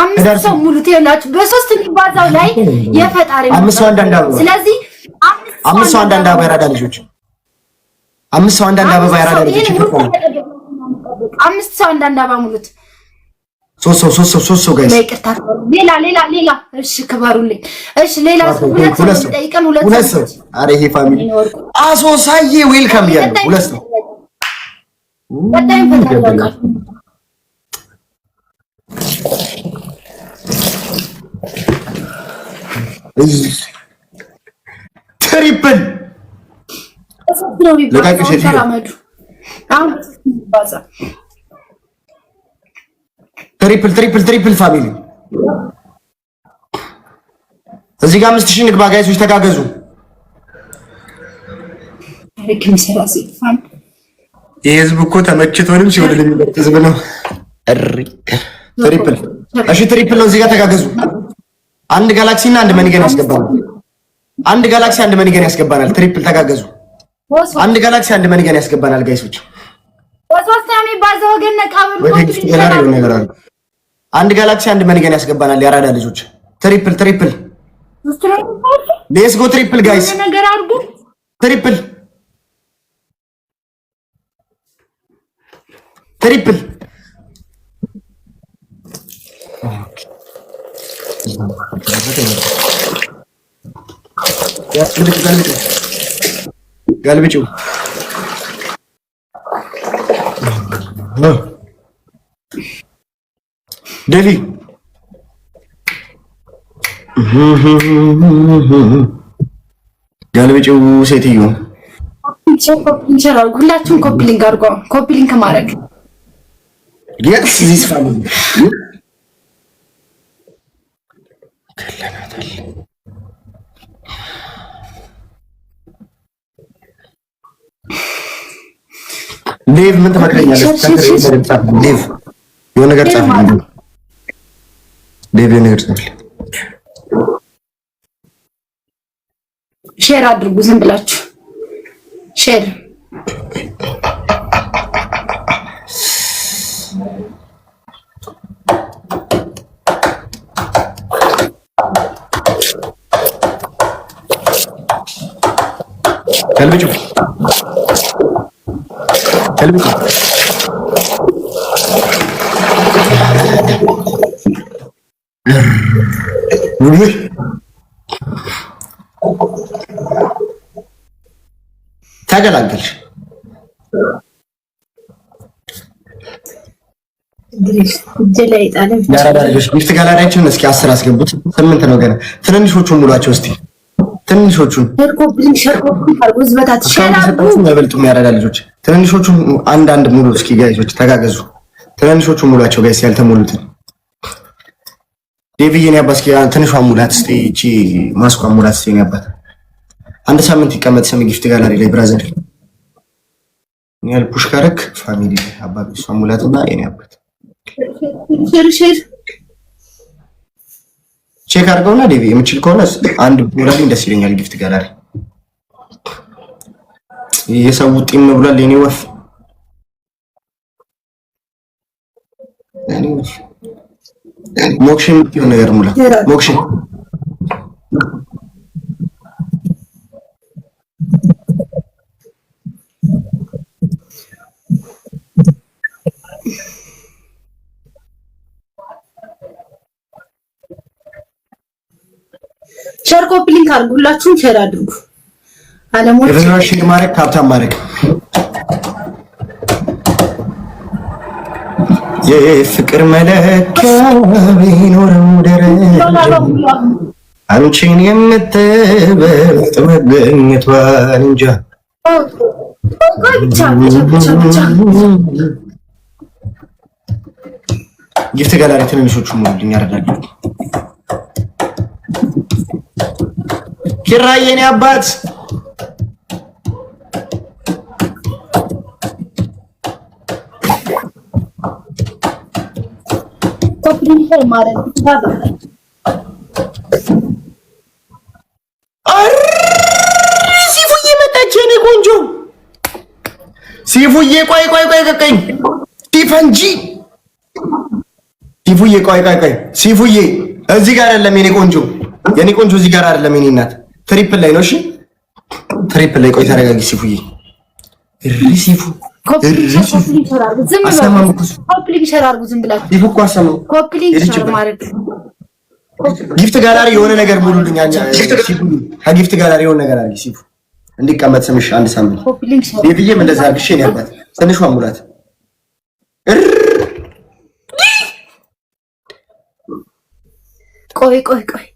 አምስት ሰው ሙሉ ትላችሁ በሶስት የሚባዛው ላይ የፈጣሪ አምስት ሰው አንዳንድ አበባ። ስለዚህ አምስት ሰው አንዳንድ አበባ ያራዳ ልጆች አምስት ሰው አንዳንድ አበባ ያራዳ ልጆች አምስት ሰው አንዳንድ አበባ ሙሉት። ሶስት ሰው ሶስት ሰው ሶስት ሰው ጋይስ፣ ይቅርታ ሌላ ሌላ ሌላ። እሺ ክበሩልኝ። እሺ ሌላ ሁለት ሰው ጠይቀን ሁለት ሰው። አረ ይሄ ፋሚሊ አሶሳዬ ዌልካም እያለ ሁለት ሰው ትሪፕል ትሪፕል ትሪፕል ትሪፕል ፋሚሊ እዚህ ጋር አምስት ሺህ ንግባ። ጋይሶች ተጋገዙ። የህዝብ እኮ ተመችቶንም ህዝብ ነው። እሺ፣ ትሪፕል ነው። እዚህ ጋር ተጋገዙ። አንድ ጋላክሲ እና አንድ መኒገን ያስገባናል። አንድ ጋላክሲ አንድ መኒገን ያስገባናል። ትሪፕል ተጋገዙ። አንድ ጋላክሲ አንድ መኒገን ያስገባናል። ጋይሶች አንድ ጋላክሲ አንድ መኒገን ያስገባናል። ያራዳ ልጆች ትሪፕል ትሪፕል ሌስ ጎ ትሪፕል ጋይስ ትሪፕል ትሪፕል ውደቅ፣ ገልብጪው፣ ገልብጪው። ደሊ ገልብጪው፣ ሴትዮ ሁላችሁም ኮፒሊንግ አድርጎ ኮፒሊንግ ከማድረግ የስ ዚስ ሌቭ ምን ትመክረኛለህ? ሌቭ የሆነ ነገር ጻፍ። ሌቭ የሆነ ነገር ጻፍ። ሼር አድርጉ፣ ዝም ብላችሁ ሼር ከልብጭ ገልብጥ። ተገላገልሽ። ሚስት ጋላሪያችንን እስኪ አስር አስገቡት። ስምንት ነው ገና። ትንንሾቹ ሙሏቸው እስኪ ትንሾቹን የሚበልጡ የሚያረዳ ልጆች ትንንሾቹን አንድ አንድ ሙሉ። እስኪ ጋይሶች ተጋገዙ። ትንንሾቹ ሙሏቸው ጋይስ፣ ያልተሞሉትን ዴቪዬን ያባ እስኪ ትንሿን ሙላት እስኪ፣ ይቺ ማስኳን ሙላት እስኪ። ያባት አንድ ሳምንት ይቀመጥ ሰሚ ጊፍት ጋላሪ ላይ ብራዘር ፑሽ ካረክ ፋሚሊ አባቢ እሷን ሙላትና የኔ አባት ቼክ አድርገውና ዴቪ የምችል ከሆነ አንድ ብሎላልኝ ደስ ይለኛል። ጊፍት ጋላሪ የሰው ጢም ብሏል። የኔ ወፍ ሞክሽን የምትሆን ነገር ሙላ ሞክሽን ሸር ኮፒ ሊንክ አድርጉ። ሁላችሁም ሸር አድርጉ። አለሞች የበናሽ ማረክ ሀብታም ማረክ የፍቅር መለኪያ ቢኖረው ደረጃ አንቺን የምትበልጥ መገኘቷን እንጃ ጊፍት ጋላሪ ትንንሾቹ ሞልኝ አረዳለሁ ኪራ የኔ አባት ሲፉዬ መጣች። የኔ ቆንጆ ሲፉዬ ቆይ ቆይ ቆይ ቀቀኝ ዲፈንጂ ሲፉዬ ቆይ ቆይ ቆይ ሲፉዬ እዚህ ጋር አይደለም የኔ ቆንጆ የኔ ቆንጆ እዚህ ጋር አይደለም የኔ እናት ትሪፕል ላይ ነው። እሺ ትሪፕል ላይ ቆይ፣ ተረጋጊ ሲፉዬ። ሪሲፉ ጊፍት ጋላሪ የሆነ ነገር ሙሉልኛ። ከጊፍት ጋላሪ የሆነ ነገር ሲፉ እንዲቀመጥ ስምሽ አንድ ሳምንት ቤትዬም እንደዛ አድርግሽ ትንሿ ሙላት ቆይ ቆይ ቆይ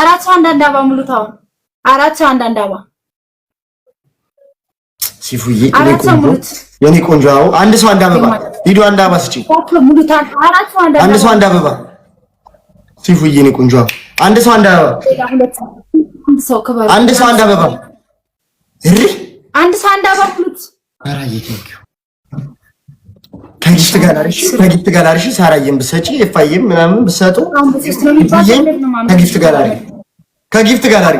አራት ሰው አንዳንድ አባ ሙሉት አሁን አራት ሰው አንዳንድ አባ ሲፉዬ የኔ ቆንጆ አንድ ሰው አንድ አበባ ሂዶ አንድ አበባ ስጪ፣ አንድ ሰው አንድ አበባ ሲፉዬ የኔ ቆንጆ አንድ ሰው አንድ አበባ አንድ ሰው አንድ አበባ አንድ ሰው አንድ አበባ ከጊፍት ጋላሪ ከጊፍት ሳራየም ብሰጪ ኤፋየም ምናምን ብሰጡ ከጊፍት ጋላሪ ከጊፍት ጋላሪ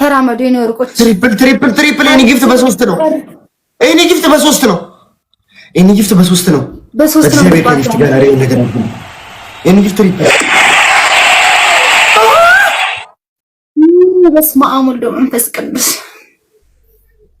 ተራመዱ የኔ ወርቆች። ትሪፕል ትሪፕል ትሪፕል የኔ ጊፍት በሶስት ነው። የኔ ጊፍት በሶስት ነው። የኔ ጊፍት በሶስት ነው። በሶስት ነው። የኔ ጊፍት ትሪፕል በስመ አብ ወወልድ ወመንፈስ ቅዱስ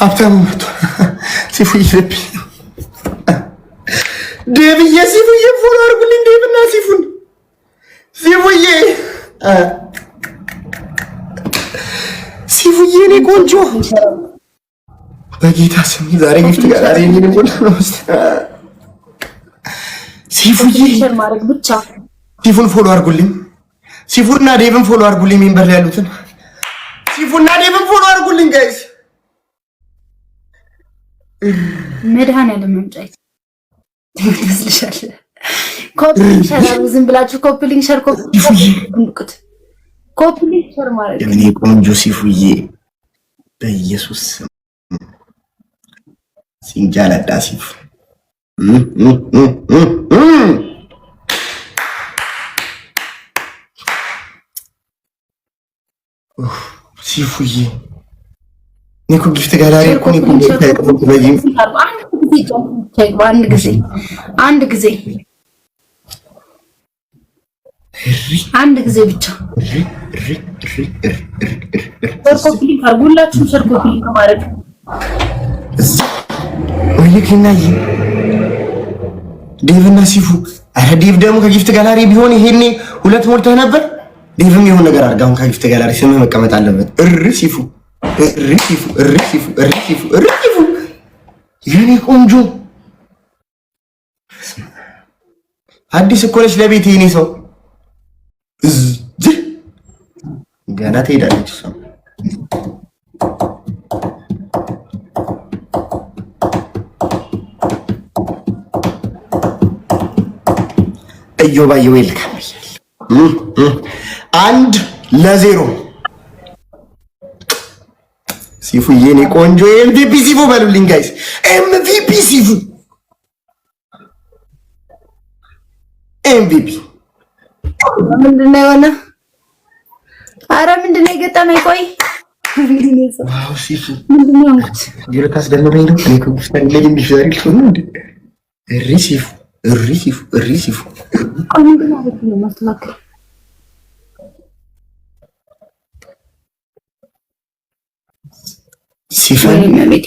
ሀብታም ሲፉዬ ዴቭዬ ሲፉዬ ፎሎ አድርጉልኝ። ዴቭና ሲፉን ሲፉዬ ሲፉዬ እኔ ቆንጆ በጌታ ስም ዛሬ ጊፍት ጋር ሲፉዬ ሲፉን ፎሎ አድርጉልኝ። ሲፉና ዴቭን ፎሎ አድርጉልኝ። ሜምበር ላይ ያሉትን ሲፉና ዴቭን ፎሎ አድርጉልኝ ጋይስ መድኃኒዓለም መምጫይት ትመስልሻል። ኮፕሊንግ ሸር ዝም ብላችሁ ኮፕሊንግ ሸር ንቁት። ኮፕሊንግ ሸር ማለት እኔ ቆንጆ ሲፉዬ በኢየሱስ ሲንጃ ሲፉ ሲፉዬ እኔ እኮ ጊፍት ጋላሪ እኮ እኔ እኮ ጊፍት አይቀመጥ አንድ ጊዜ አንድ ጊዜ አንድ ጊዜ ብቻ ሰርኮፕሊክ አርጉላችሁ ሰርኮፕሊክ ሲፉ አረ ዴቭ ደግሞ ከጊፍት ጋላሪ ቢሆን ይሄኔ ሁለት ሞልተህ ነበር። ዴቭም የሆነ ነገር አድርገህ አሁን ከጊፍት ጋላሪ ስምህ መቀመጥ አለበት። እር ሲፉ እሪፉ እሪፉ እሪፉ እሪፉ የኔ ቆንጆ አዲስ እኮ ነች ለቤት የኔ ሰው እዚህ ገና ትሄዳለች። ሰው እዮባዬ ዌልካም አንድ ለዜሮ ሲፉ የኔ ቆንጆ ኤምቪፒ ሲፉ በሉልኝ ጋይስ፣ ኤምቪፒ ሲፉ ኤምቪፒ ምንድን የሆነ? አረ ምንድን ነው የገጠመኝ? ቆይ ሲፉ ሲፈንጂ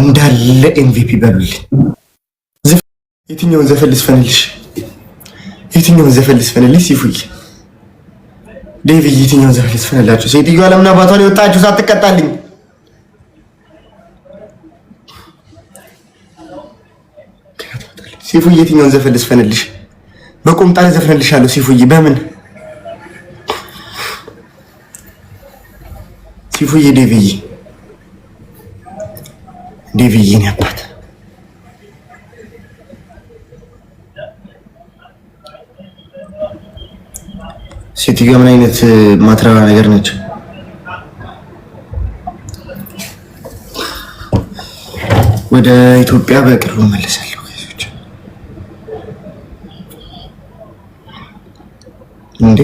እንዳለ ኤምቪፒ በሉልኝ። የትኛውን ዘፈን ልስፈንልሽ? የትኛውን ዘፈን ልስፈንልሽ? ሲፉይ ዴቪድ፣ የትኛውን ዘፈን ልስፈንላችሁ? ሴትዮዋ አለምና አባቷ ላይ ወጣችሁ ሳትቀጣልኝ? ሲፉይ፣ የትኛውን ዘፈን ልስፈንልሽ? በቁምጣ ላይ ዘፍንልሻለሁ። ሲፉይ በምን ቲፉዬ ዴቪዬ ዴቪዬ ነው ያባት ሴትዮ ምን አይነት ማትረባ ነገር ነች? ወደ ኢትዮጵያ በቅርቡ መለሳለሁ። እንዴ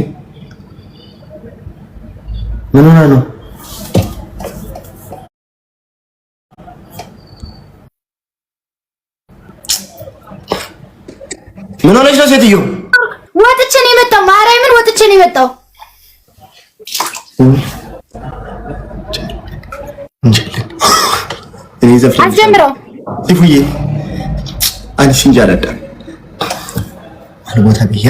ምን ሆና ነው? ምን ሆነች ነው ሴትዮ? ወጥቼ ነው የመጣው። ማርያምን ወጥቼ ነው የመጣው። አስጀምረው ይፉዬ አንቺ እንጂ አላዳም አልቦታ ብያ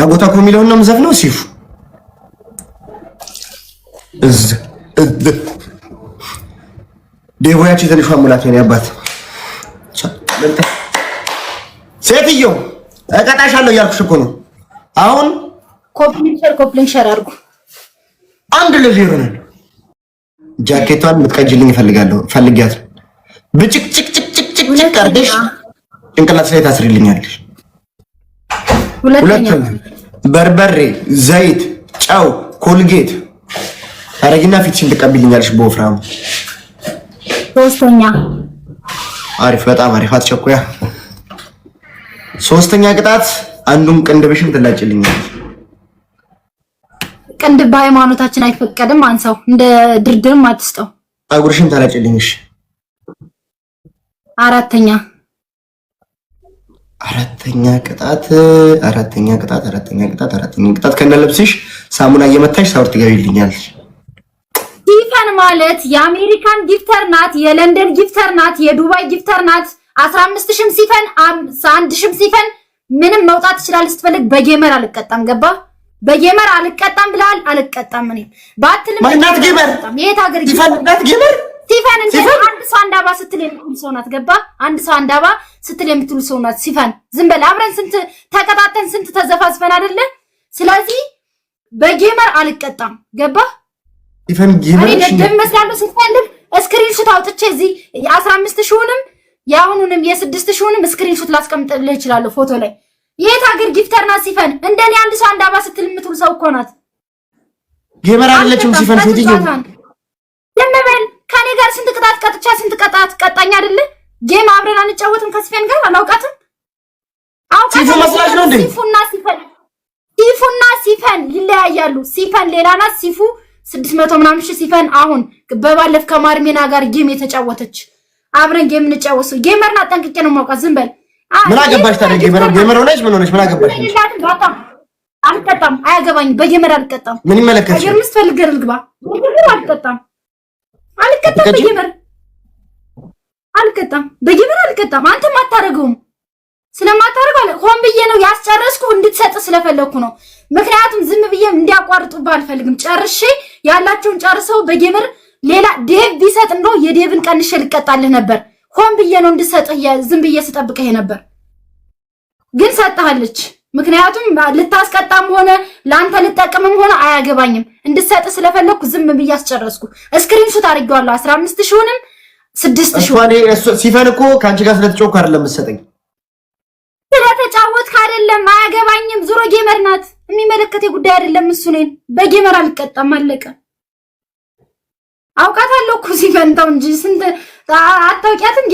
ያ ቦታ እኮ የሚለውን ነው የምዘፍነው ሲፉ ደቡያቸው ትንሿ ሙላት ነው ያባት ሴትዮ እቀጣሻለሁ እያልኩሽ እኮ ነው። አሁን ኮምፕሊንሸር ኮምፕሊንሸር አድርጉ አንድ ለዜሮ ነው። ጃኬቷን ምትቀጅልኝ እፈልጋለሁ። ፈልጊያት ብጭቅ ጭቅ ጭንቅላት ላይ ታስሪልኛለሽ። ሁለተኛ በርበሬ፣ ዘይት፣ ጨው፣ ኮልጌት አረጊና ፊትሽን ትቀቢልኛለሽ በወፍራሙ ሶስተኛ አሪፍ፣ በጣም አሪፍ። አትቸኩያ። ሶስተኛ ቅጣት አንዱን ቅንድብሽን ትላጭልኛለሽ። ቅንድብ በሃይማኖታችን አይፈቀድም። አንሳው፣ እንደ ድርድርም አትስጠው። ጸጉርሽን ታላጭልኝሽ። አራተኛ አራተኛ ቅጣት አራተኛ ቅጣት አራተኛ ቅጣት አራተኛ ቅጣት ከነ ልብስሽ ሳሙና እየመታሽ ሳውር ትገቢልኛለሽ። ማለት የአሜሪካን ጊፍተር ናት፣ የለንደን ጊፍተር ናት፣ የዱባይ ጊፍተር ናት። 15 ሺህም ሲፈን አንድ ሺህም ሲፈን ምንም መውጣት ይችላል። ስትፈልግ በጌመር አልቀጣም ገባ በጌመር አልቀጣም ብለሃል። አልቀጣም እኔ ባትልም ማናት ጌመር የት ሀገር ጌመር ጌመር ሲፈን እንደ አንድ ሰው አንድ አባ ስትል የምትውል ሰው ናት። ገባ አንድ ሰው አንድ አባ ስትል የምትውል ሰው ናት። ሲፈን ዝም በል አብረን ስንት ተቀጣጠን ስንት ተዘፋዝፈን አይደለ? ስለዚህ በጌመር አልቀጣም ገባ ኢቨን ጊቨን ደደብ መስላለሁ ስትፈልግ ሹት አውጥቼ እዚህ የአስራ አምስት ሺውንም የአሁኑንም የስድስት ሺውንም ሹት ላስቀምጥልህ እችላለሁ ፎቶ ላይ። የት ሀገር ጊፍተር ናት ሲፈን? እንደኔ አንድ ሰው አንድ አባ ስትል የምትውል ሰው እኮ ናት። ጌመር አይደለችም ሲፈን። ሴትዮ የምበል ከኔ ጋር ስንት ቅጣት ቀጥቻ ስንት ቅጣት ቀጣኝ አይደለ? ጌም አብረን አንጫወትም ከሲፈን ጋር አላውቃትም። አውቃት ሲፉና ሲፈን ሲፉና ሲፈን ይለያያሉ። ሲፈን ሌላ ናት ሲፉ ስድስት መቶ ምናምን ሺህ ሲፈን አሁን በባለፍ ከማርሜና ጋር ጌም የተጫወተች አብረን ጌም እንጫወሱ ጌመርን ጠንቅቄ ነው የማውቃት። ዝም በል ምን አገባሽ ታዲያ? ጌመር ጌመር ሆነሽ ምን ሆነሽ ምን አገባሽ? አልቀጣም፣ አያገባኝም። በጌመር አልቀጣም። ምን ይመለከት ጌመር ምስትፈልግ ልግባ አልቀጣም፣ አልቀጣም። በጌመር አልቀጣም፣ በጌመር አልቀጣም። አንተም አታደርገውም ስለማታደርገው ሆን ብዬ ነው ያስጨረስኩ፣ እንድትሰጥ ስለፈለግኩ ነው። ምክንያቱም ዝም ብዬ እንዲያቋርጡብህ አልፈልግም። ጨርሼ ያላቸውን ጨርሰው በግብር ሌላ ዴቭ ቢሰጥ እንዶ የዴቭን ቀንሼ ልቀጣልህ ነበር። ሆን ብዬ ነው እንድሰጥህ ዝም ብዬ ስጠብቅህ ነበር፣ ግን ሰጥሃለች። ምክንያቱም ልታስቀጣም ሆነ ለአንተ ልጠቅምም ሆነ አያገባኝም። እንድሰጥ ስለፈለግኩ ዝም ብዬ አስጨረስኩ። እስክሪንሹት አድርጌዋለሁ። አስራ አምስት ሺሁንም ስድስት ሺሁን ሲፈን እኮ ከአንቺ ጋር ስለተጫወትክ አይደለም የምትሰጠኝ። ስለተጫወትክ አይደለም አያገባኝም። ዙሮ ጌመር ናት የሚመለከት ጉዳይ አይደለም። እሱ እኔን በጌመር አልቀጣም። አለቀ። አውቃታለሁ እኮ ሲፈንታው እንጂ ስንት አታውቂያትም።